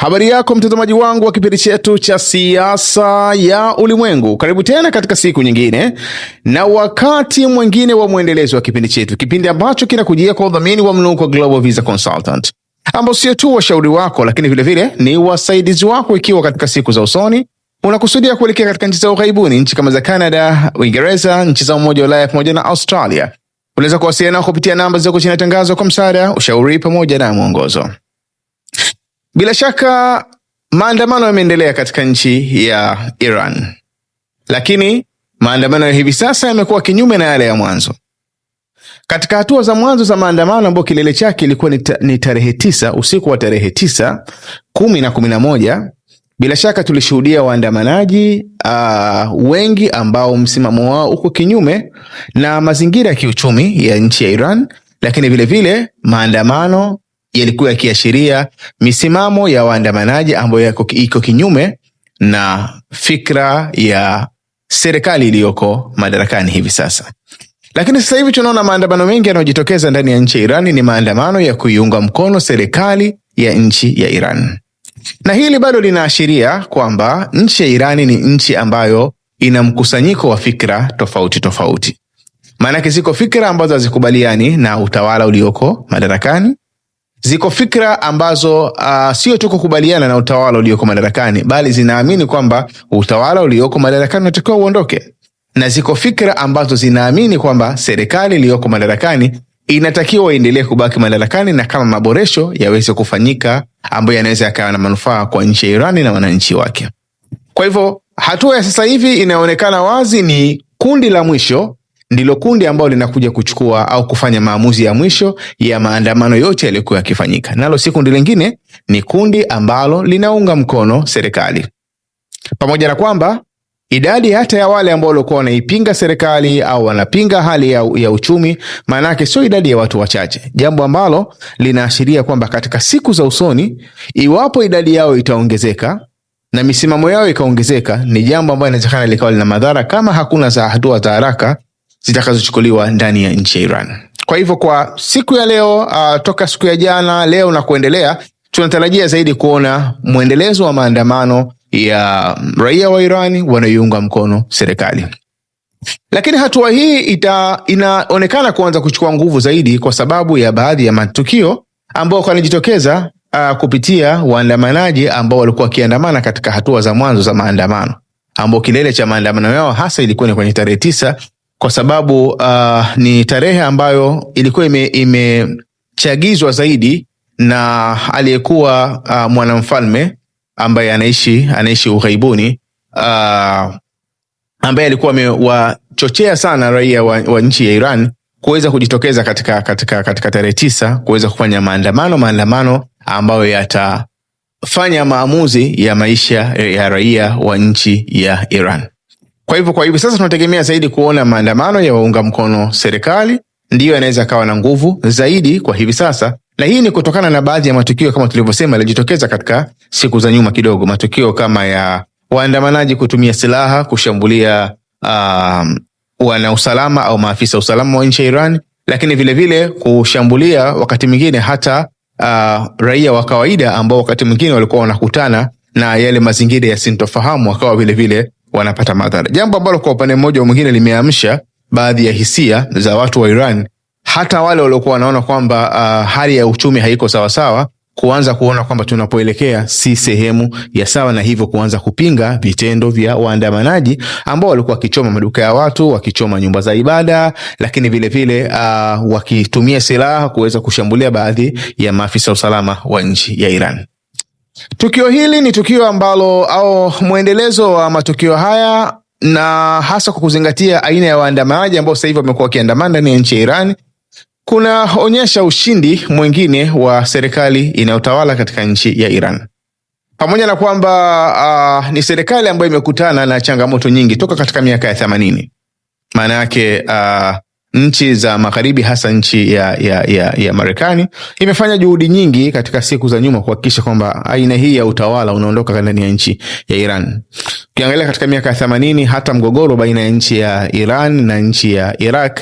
Habari yako mtazamaji wangu wa kipindi chetu cha siasa ya ulimwengu, karibu tena katika siku nyingine na wakati mwingine wa mwendelezo wa kipindi chetu, kipindi ambacho kinakujia kwa udhamini wa Mnuko Global Visa Consultant, ambao sio tu washauri wako, lakini vilevile ni wasaidizi wako, ikiwa katika siku za usoni unakusudia kuelekea katika nchi za ughaibuni, nchi kama za Canada, Uingereza, nchi za Umoja wa Ulaya pamoja na Australia. Unaweza kuwasiliana kupitia namba zilizoko chini ya tangazo kwa msaada, ushauri pamoja na mwongozo. Bila shaka maandamano yameendelea katika nchi ya Iran, lakini maandamano ya hivi sasa yamekuwa kinyume na yale ya mwanzo. Katika hatua za mwanzo za maandamano ambayo kilele chake ilikuwa ni tarehe tisa usiku wa tarehe tisa kumi na kumi na moja bila shaka tulishuhudia waandamanaji uh, wengi ambao msimamo wao uko kinyume na mazingira ya kiuchumi ya nchi ya Iran, lakini vilevile maandamano yalikuwa yakiashiria misimamo ya waandamanaji ambayo iko kinyume na fikra ya serikali iliyoko madarakani hivi sasa. Lakini sasa hivi tunaona maandamano mengi yanayojitokeza ndani ya nchi ya Iran ni maandamano ya kuiunga mkono serikali ya nchi ya Iran, na hili bado linaashiria kwamba nchi ya iran ni nchi ambayo ina mkusanyiko wa fikra tofauti tofauti. Maanake ziko fikra ambazo hazikubaliani na utawala ulioko madarakani, Ziko fikra ambazo uh, sio tu kukubaliana na utawala ulioko madarakani, bali zinaamini kwamba utawala ulioko madarakani unatakiwa uondoke, na ziko fikra ambazo zinaamini kwamba serikali iliyoko madarakani inatakiwa iendelee kubaki madarakani, na kama maboresho yaweze kufanyika ambayo yanaweza yakawa na manufaa kwa nchi ya Irani na wananchi wake. Kwa hivyo hatua ya sasa hivi inayoonekana wazi ni kundi la mwisho ndilo kundi ambalo linakuja kuchukua au kufanya maamuzi ya mwisho ya maandamano yote yaliyokuwa yakifanyika. Nalo si kundi lingine, ni kundi ambalo linaunga mkono serikali, pamoja na kwamba idadi hata ya wale ambao walikuwa wanaipinga serikali au wanapinga hali ya, ya uchumi maanake sio idadi ya watu wachache, jambo ambalo linaashiria kwamba katika siku za usoni, iwapo idadi yao itaongezeka na misimamo yao ikaongezeka, ni jambo ambalo inawezekana likawa lina madhara kama hakuna za hatua za haraka zitakazochukuliwa ndani ya nchi ya Iran. Kwa hivyo kwa siku ya leo uh, toka siku ya jana leo na kuendelea, tunatarajia zaidi kuona mwendelezo wa maandamano ya raia wa iran wanaoiunga mkono serikali, lakini hatua hii ita, inaonekana kuanza kuchukua nguvu zaidi kwa sababu ya baadhi ya matukio ambayo yanajitokeza uh, kupitia waandamanaji ambao walikuwa wakiandamana katika hatua za mwanzo za maandamano ambao kilele cha maandamano yao hasa ilikuwa ni kwenye tarehe tisa kwa sababu uh, ni tarehe ambayo ilikuwa imechagizwa ime zaidi na aliyekuwa uh, mwanamfalme ambaye anaishi anaishi ughaibuni uh, ambaye alikuwa amewachochea sana raia wa, wa nchi ya Iran kuweza kujitokeza katika, katika, katika tarehe tisa kuweza kufanya maandamano maandamano ambayo yatafanya maamuzi ya maisha ya raia wa nchi ya Iran. Kwa hivyo kwa hivi sasa tunategemea zaidi kuona maandamano ya waunga mkono serikali ndiyo yanaweza kawa na nguvu zaidi kwa hivi sasa, na hii ni kutokana na baadhi ya matukio kama tulivyosema yalijitokeza katika siku za nyuma kidogo, matukio kama ya waandamanaji kutumia silaha kushambulia um, wanausalama au maafisa usalama wa nchi ya Iran, lakini vilevile vile kushambulia wakati mwingine hata uh, raia wa kawaida ambao wakati mwingine walikuwa wanakutana na yale mazingira ya sintofahamu wakawa vilevile wanapata madhara, jambo ambalo kwa upande mmoja mwingine limeamsha baadhi ya hisia za watu wa Iran, hata wale waliokuwa wanaona kwamba uh, hali ya uchumi haiko sawasawa kuanza kuona kwamba tunapoelekea si sehemu ya sawa, na hivyo kuanza kupinga vitendo vya waandamanaji ambao walikuwa wakichoma maduka ya watu, wakichoma nyumba za ibada, lakini vilevile uh, wakitumia silaha kuweza kushambulia baadhi ya maafisa usalama wa nchi ya Iran. Tukio hili ni tukio ambalo au mwendelezo wa matukio haya na hasa kwa kuzingatia aina ya waandamanaji ambao sasa hivi wamekuwa wakiandamana ndani ya nchi ya Iran kunaonyesha ushindi mwingine wa serikali inayotawala katika nchi ya Iran, pamoja na kwamba uh, ni serikali ambayo imekutana na changamoto nyingi toka katika miaka ya themanini. Maana yake uh, nchi za magharibi hasa nchi ya, ya, ya, ya Marekani imefanya juhudi nyingi katika siku za nyuma kuhakikisha kwamba aina hii ya utawala unaondoka ndani ya nchi ya Iran. Ukiangalia katika miaka ya themanini, hata mgogoro baina ya nchi ya Iran na nchi ya Iraq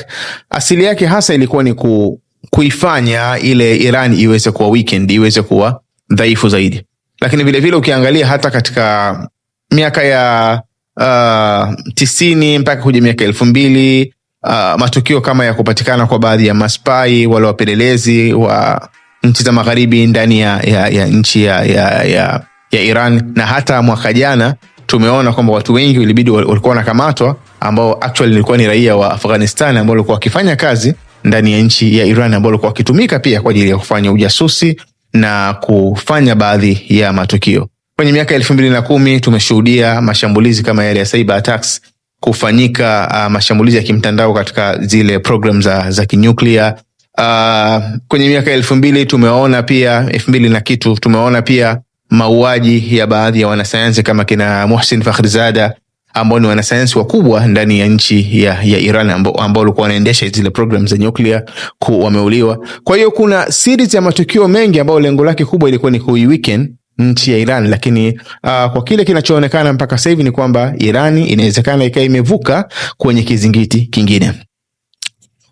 asili yake hasa ilikuwa ni ku, kuifanya ile Iran iweze kuwa weekend, iweze kuwa dhaifu zaidi, lakini vilevile ukiangalia hata katika miaka ya uh, tisini mpaka kuja miaka elfu mbili uh, matukio kama ya kupatikana kwa baadhi ya maspai wale wapelelezi wa nchi za magharibi ndani ya, ya, ya nchi ya, ya, ya, ya Iran na hata mwaka jana tumeona kwamba watu wengi ilibidi walikuwa wanakamatwa ambao actually nilikuwa ni raia wa Afghanistan ambao walikuwa wakifanya kazi ndani ya nchi ya Iran ambao walikuwa wakitumika pia kwa ajili ya kufanya ujasusi na kufanya baadhi ya matukio. Kwenye miaka elfu mbili na kumi tumeshuhudia mashambulizi kama yale ya cyber attacks kufanyika uh, mashambulizi ya kimtandao katika zile program za, za kinyuklia uh, kwenye miaka elfu mbili tumeona pia elfu mbili na kitu tumeona pia mauaji ya baadhi ya wanasayansi kama kina Muhsin Fakhrizada ambao ni wanasayansi wakubwa ndani ya nchi ya, ya Iran ambao walikuwa wanaendesha zile program za nyuklia wameuliwa. Kwa hiyo kuna series ya matukio mengi ambayo lengo lake kubwa ilikuwa ni kui nchi ya Iran, lakini uh, kwa kile kinachoonekana mpaka sasa hivi ni kwamba Iran inawezekana ikawa imevuka kwenye kizingiti kingine.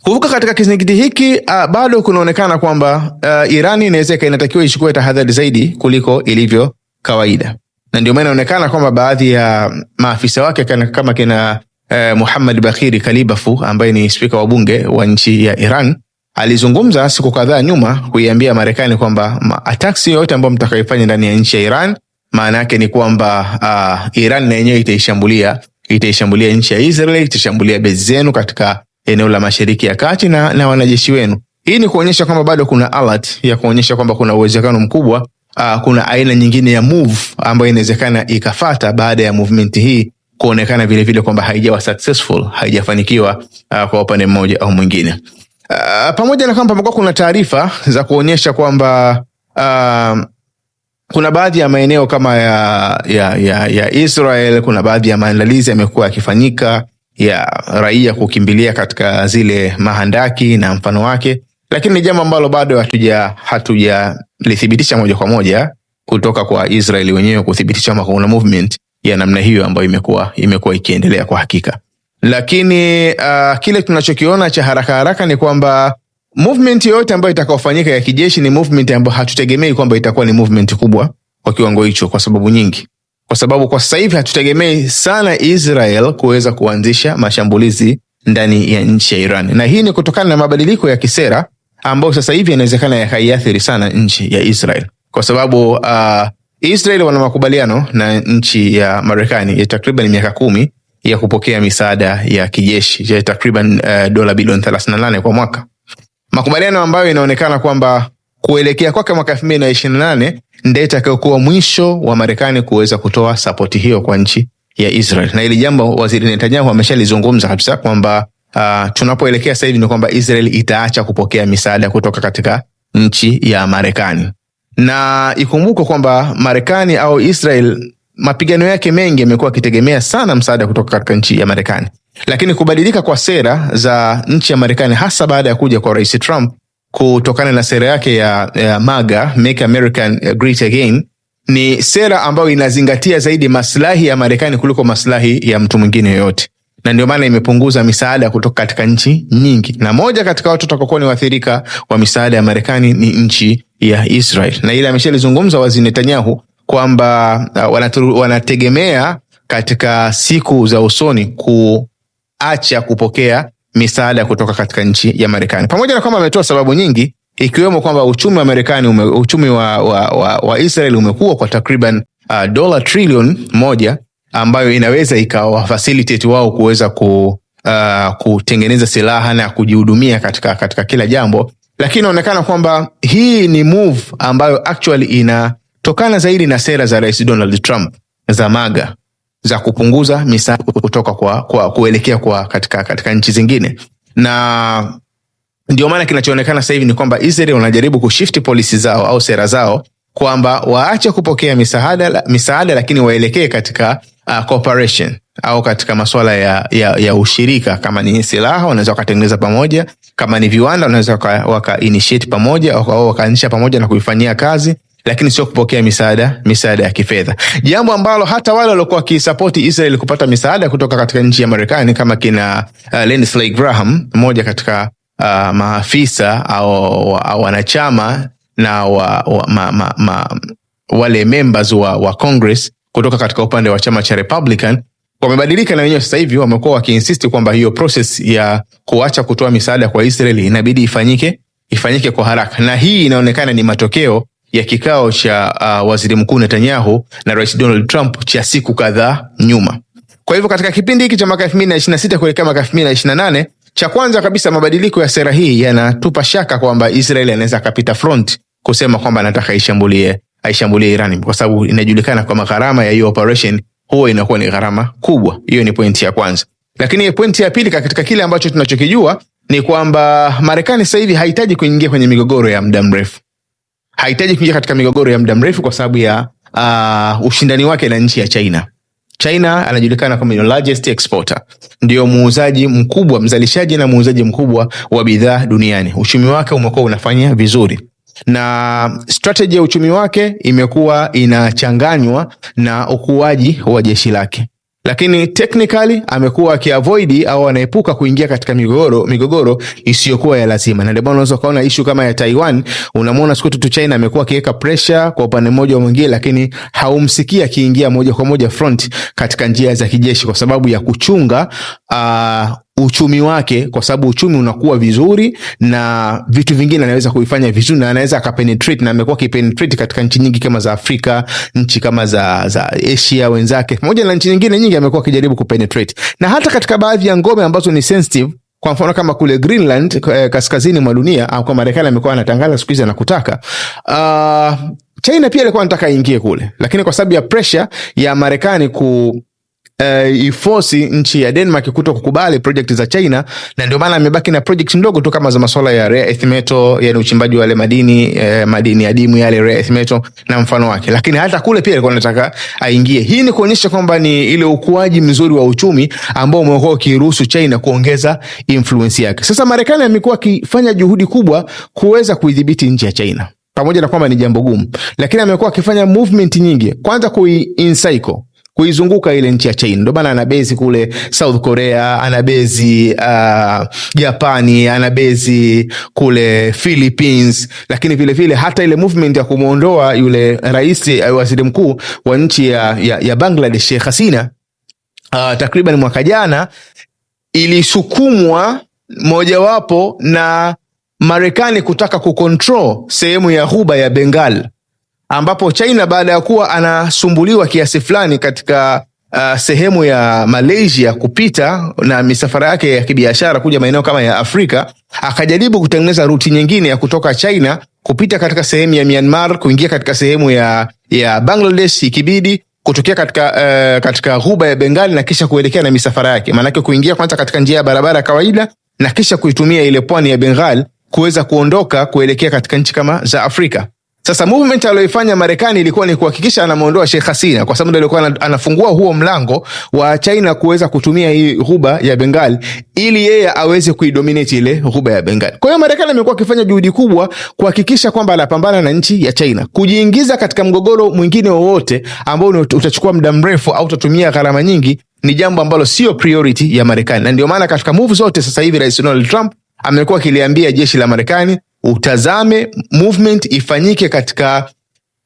Kuvuka katika kizingiti hiki uh, bado kunaonekana kwamba uh, Iran inaweza inatakiwa ichukue tahadhari zaidi kuliko ilivyo kawaida, na ndio maana inaonekana kwamba baadhi ya maafisa wake kama kina eh, Muhammad Bakiri Kalibafu ambaye ni spika wa bunge wa nchi ya Iran alizungumza siku kadhaa nyuma kuiambia Marekani kwamba attacks yoyote ambayo mtakaifanya ndani ya nchi ya Iran maana yake ni kwamba uh, Iran na yenyewe itaishambulia itaishambulia nchi ya Israel, itashambulia bezi zenu katika eneo la Mashariki ya Kati na, na wanajeshi wenu. Hii ni kuonyesha kwamba bado kuna alert ya kuonyesha kwamba kuna uwezekano mkubwa uh, kuna aina nyingine ya move ambayo inawezekana ikafata baada ya movement hii kuonekana vilevile kwamba haijawa successful, haijafanikiwa uh, kwa upande mmoja au mwingine. Uh, pamoja na kwamba kumekuwa kuna taarifa za kuonyesha kwamba uh, kuna baadhi ya maeneo kama ya, ya, ya, ya Israel, kuna baadhi ya maandalizi yamekuwa yakifanyika ya raia kukimbilia katika zile mahandaki na mfano wake, lakini ni jambo ambalo bado hatuja hatujalithibitisha moja kwa moja kutoka kwa Israel wenyewe kuthibitisha kwamba kuna movement ya namna hiyo ambayo imekuwa imekuwa ikiendelea kwa hakika lakini uh, kile tunachokiona cha haraka haraka ni kwamba movement yoyote ambayo itakaofanyika ya kijeshi ni movement ambayo hatutegemei kwamba itakuwa ni movement kubwa kwa kiwango hicho, kwa sababu nyingi, kwa sababu kwa sasa hivi hatutegemei sana Israel kuweza kuanzisha mashambulizi ndani ya nchi ya Iran, na hii ni kutokana na mabadiliko ya kisera ambayo sasa hivi yanawezekana yakaiathiri sana nchi ya Israel kwa sababu uh, Israel wana makubaliano na nchi ya Marekani ya takriban miaka kumi ya kupokea misaada ya kijeshi ya takriban uh, dola bilioni 38 kwa mwaka, makubaliano ambayo inaonekana kwamba kuelekea kwake mwaka nane ndio itakayokuwa mwisho wa Marekani kuweza kutoa sapoti hiyo kwa nchi ya Israel. Na hili jambo waziri Netanyahu ameshalizungumza kabisa kwamba uh, tunapoelekea sasa hivi ni kwamba Israel itaacha kupokea misaada kutoka katika nchi ya Marekani, na ikumbukwe kwamba Marekani au Israel mapigano yake mengi yamekuwa akitegemea sana msaada kutoka katika nchi ya Marekani, lakini kubadilika kwa sera za nchi ya Marekani hasa baada ya kuja kwa Rais Trump kutokana na sera yake ya, ya MAGA, Make America Great Again, ni sera ambayo inazingatia zaidi masilahi ya Marekani kuliko masilahi ya mtu mwingine yoyote, na ndio maana imepunguza misaada kutoka katika nchi nyingi, na moja katika watu watakaokuwa ni waathirika wa misaada ya Marekani ni nchi ya Israel, na ile ameshalizungumza wazi Netanyahu kwamba uh, wanategemea katika siku za usoni kuacha kupokea misaada kutoka katika nchi ya Marekani, pamoja na kwamba ametoa sababu nyingi ikiwemo kwamba uchumi wa Marekani ume, uchumi wa, wa, wa, wa Israel umekuwa kwa takriban uh, dola trilioni moja ambayo inaweza ikawa facilitate wao kuweza ku, uh, kutengeneza silaha na kujihudumia katika, katika kila jambo, lakini inaonekana kwamba hii ni move ambayo actually ina kutokana zaidi na sera za Rais Donald Trump za MAGA za kupunguza misaada kutoka kwa, kwa kuelekea kwa katika, katika nchi zingine, na ndio maana kinachoonekana sasa hivi ni kwamba Israel wanajaribu kushift polisi zao au sera zao kwamba waache kupokea misaada, misaada lakini waelekee katika uh, cooperation au katika masuala ya, ya, ya ushirika. Kama ni silaha wanaweza wakatengeneza pamoja, kama ni viwanda wanaweza waka, waka pamoja au wakaanzisha pamoja na kuifanyia kazi, lakini sio kupokea misaada misaada ya kifedha, jambo ambalo hata wale waliokuwa wakisapoti Israel kupata misaada kutoka katika nchi ya Marekani kama kina uh, Graham, mmoja katika uh, maafisa au wanachama na wa, wa, ma, ma, ma, wale members wa, wa Congress kutoka katika upande wa chama cha Republican wamebadilika na wenyewe sasa hivi wamekuwa wakiinsisti kwamba hiyo proses ya kuacha kutoa misaada kwa israel inabidi ifanyike ifanyike kwa haraka, na hii inaonekana ni matokeo ya kikao cha uh, waziri mkuu Netanyahu na rais Donald Trump cha siku kadhaa nyuma. Kwa hivyo katika kipindi hiki cha mwaka 2026 kuelekea mwaka 2028, cha kwanza kabisa, mabadiliko ya sera hii yanatupa shaka kwamba Israeli anaweza akapita front kusema kwamba anataka aishambulie aishambulie Iran, kwa sababu inajulikana kwamba gharama ya hiyo operation huwa inakuwa ni gharama kubwa. Hiyo ni pointi ya kwanza, lakini pointi ya pili katika kile ambacho tunachokijua ni kwamba Marekani sasa hivi hahitaji kuingia kwenye migogoro ya muda mrefu hahitaji kuingia katika migogoro ya muda mrefu kwa sababu ya uh, ushindani wake na nchi ya China. China anajulikana kama largest exporter, ndio muuzaji mkubwa, mzalishaji na muuzaji mkubwa wa bidhaa duniani. Uchumi wake umekuwa unafanya vizuri na strategy ya uchumi wake imekuwa inachanganywa na ukuaji wa jeshi lake lakini technically amekuwa akiavoidi au anaepuka kuingia katika migogoro migogoro isiyokuwa ya lazima, na ndio maana unaweza ukaona ishu kama ya Taiwan, unamwona siku tu China amekuwa akiweka pressure kwa upande mmoja au mwingine, lakini haumsikii akiingia moja kwa moja front katika njia za kijeshi kwa sababu ya kuchunga uh, uchumi wake, kwa sababu uchumi unakuwa vizuri na vitu vingine anaweza kuifanya vizuri, na anaweza akapenetrate, na amekuwa akipenetrate katika nchi nyingi kama za Afrika, nchi kama za, za Asia wenzake, pamoja na nchi nyingine nyingi amekuwa akijaribu kupenetrate, na hata katika baadhi ya ngome ambazo ni sensitive kwa mfano kama kule Greenland eh, kaskazini mwa dunia au kwa Marekani amekuwa anatangaza siku hizi anakutaka. Uh, China pia alikuwa anataka aingie kule, lakini kwa sababu ya pressure ya Marekani ku uh, eh, iforsi nchi ya Denmark kuto kukubali project za China, na ndio maana amebaki na project ndogo tu kama za masuala ya rare earth metal, yani uchimbaji wa yale madini eh, madini adimu yale rare earth metal na mfano wake, lakini hata kule pia alikuwa anataka aingie. Hii ni kuonyesha kwamba ni ile ukuaji mzuri wa uchumi ambao umekuwa ukiruhusu China kuongeza influence yake. Sasa Marekani amekuwa akifanya juhudi kubwa kuweza kuidhibiti nchi ya China pamoja na kwamba ni jambo gumu, lakini amekuwa akifanya movement nyingi, kwanza kui kuizunguka ile nchi ya China. Ndio maana anabezi kule South Korea, anabezi uh, Japani, anabezi kule Philippines, lakini vilevile hata ile movement ya kumwondoa yule rais eh, waziri mkuu wa nchi ya, ya, ya Bangladesh Sheikh Hasina uh, takriban mwaka jana ilisukumwa mojawapo na Marekani kutaka kukontrol sehemu ya ghuba ya Bengal ambapo China baada ya kuwa anasumbuliwa kiasi fulani katika uh, sehemu ya Malaysia kupita na misafara yake ya kibiashara kuja maeneo kama ya Afrika, akajaribu kutengeneza ruti nyingine ya kutoka China kupita katika sehemu ya Myanmar kuingia katika sehemu ya, ya Bangladesh ikibidi kutokea katika uh, katika ghuba ya Bengali na kisha kuelekea na misafara yake, maanake kuingia kwanza katika njia ya barabara ya kawaida na kisha kuitumia ile pwani ya Bengal kuweza kuondoka kuelekea katika nchi kama za Afrika. Sasa movement aliyoifanya Marekani ilikuwa ni kuhakikisha anamwondoa Sheikh Hasina kwa sababu ndio alikuwa anafungua huo mlango wa China kuweza kutumia hii ghuba ya Bengal ili yeye aweze kuidominate ile ghuba ya Bengal. Kwa hiyo Marekani amekuwa akifanya juhudi kubwa kuhakikisha kwamba anapambana na nchi ya China. Kujiingiza katika mgogoro mwingine wowote ambao utachukua muda mrefu au utatumia gharama nyingi ni jambo ambalo sio priority ya Marekani, na ndio maana katika move zote sasa hivi Rais Donald Trump amekuwa akiliambia jeshi la Marekani utazame movement ifanyike katika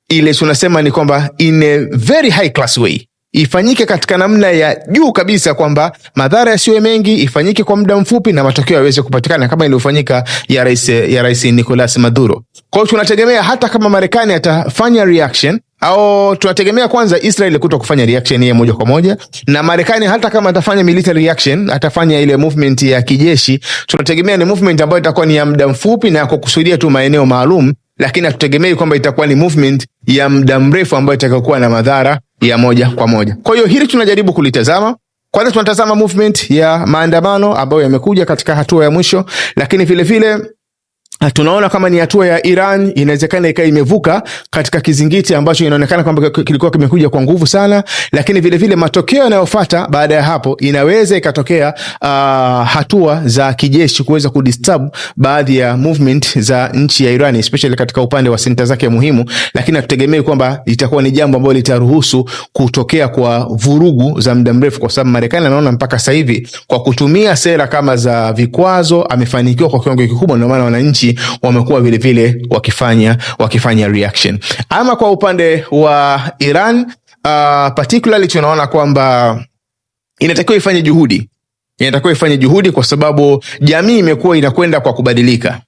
ile tunasema ni kwamba in a very high class way ifanyike katika namna ya juu kabisa, kwamba madhara yasiwe mengi, ifanyike kwa muda mfupi na matokeo yaweze kupatikana kama iliyofanyika ya rais ya rais Nicolas Maduro. Kwa hiyo tunategemea hata kama Marekani atafanya reaction au tunategemea kwanza Israel kuto kufanya reaction yeye moja kwa moja, na Marekani hata kama atafanya military reaction, atafanya ile movement ya kijeshi, tunategemea ni movement ambayo itakuwa ni ya muda mfupi na kusudia tu maeneo maalum, lakini hatutegemei kwamba itakuwa ni movement ya muda mrefu ambayo itakayokuwa na madhara ya moja kwa moja. Kwa hiyo hili tunajaribu kulitazama. Kwanza tunatazama movement ya maandamano ambayo yamekuja katika hatua ya mwisho, lakini vilevile tunaona kama ni hatua ya Iran inawezekana ikawa imevuka katika kizingiti ambacho inaonekana kwamba kilikuwa kimekuja kwa nguvu sana, lakini vilevile vile matokeo yanayofata baada ya hapo inaweza ikatokea uh, hatua za kijeshi kuweza kudisturb baadhi ya movement za nchi ya Iran especially katika upande wa senta zake muhimu, lakini hatutegemei kwamba itakuwa ni jambo ambalo litaruhusu kutokea kwa vurugu za muda mrefu, kwa sababu Marekani anaona mpaka sasa hivi kwa kutumia sera kama za vikwazo amefanikiwa kwa kiwango kikubwa, ndio maana wananchi wamekuwa vilevile wakifanya, wakifanya reaction. Ama kwa upande wa Iran uh, particularly tunaona kwamba inatakiwa ifanye juhudi, inatakiwa ifanye juhudi kwa sababu jamii imekuwa inakwenda kwa kubadilika.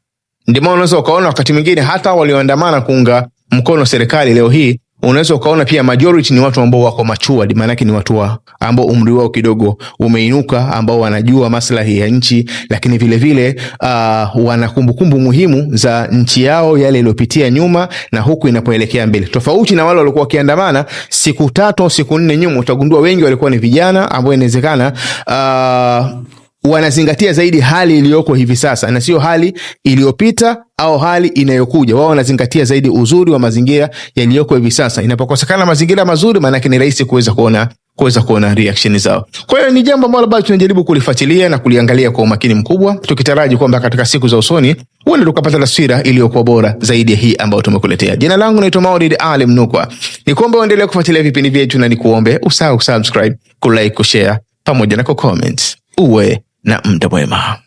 Ndio unaweza ukaona wakati mwingine hata walioandamana kuunga mkono serikali leo hii unaweza ukaona pia majority ni watu ambao wako matured, maana ni watu wa ambao umri wao kidogo umeinuka, ambao wanajua maslahi ya nchi, lakini vile vile uh, wana kumbukumbu muhimu za nchi yao, yale iliyopitia nyuma na huku inapoelekea mbele, tofauti na wale walikuwa wakiandamana siku tatu au siku nne nyuma. Utagundua wengi walikuwa ni vijana ambao inawezekana uh, wanazingatia zaidi hali iliyoko hivi sasa na sio hali iliyopita au hali inayokuja. Wao wanazingatia zaidi uzuri wa mazingira yaliyoko hivi sasa. Inapokosekana mazingira mazuri, maanake ni rahisi kuweza kuona kuweza kuona reaction zao. Kwa hiyo ni jambo ambalo bado tunajaribu kulifuatilia na kuliangalia kwa umakini mkubwa, tukitaraji kwamba katika siku za usoni huenda tukapata taswira iliyokuwa bora zaidi ya hii ambayo tumekuletea. Jina langu naitwa Maulid Ali Mnukwa, ni kuombe uendelee kufuatilia vipindi vyetu na nikuombe usahau kusubscribe, kulike, kushare pamoja na kucomment. Uwe na muda mwema.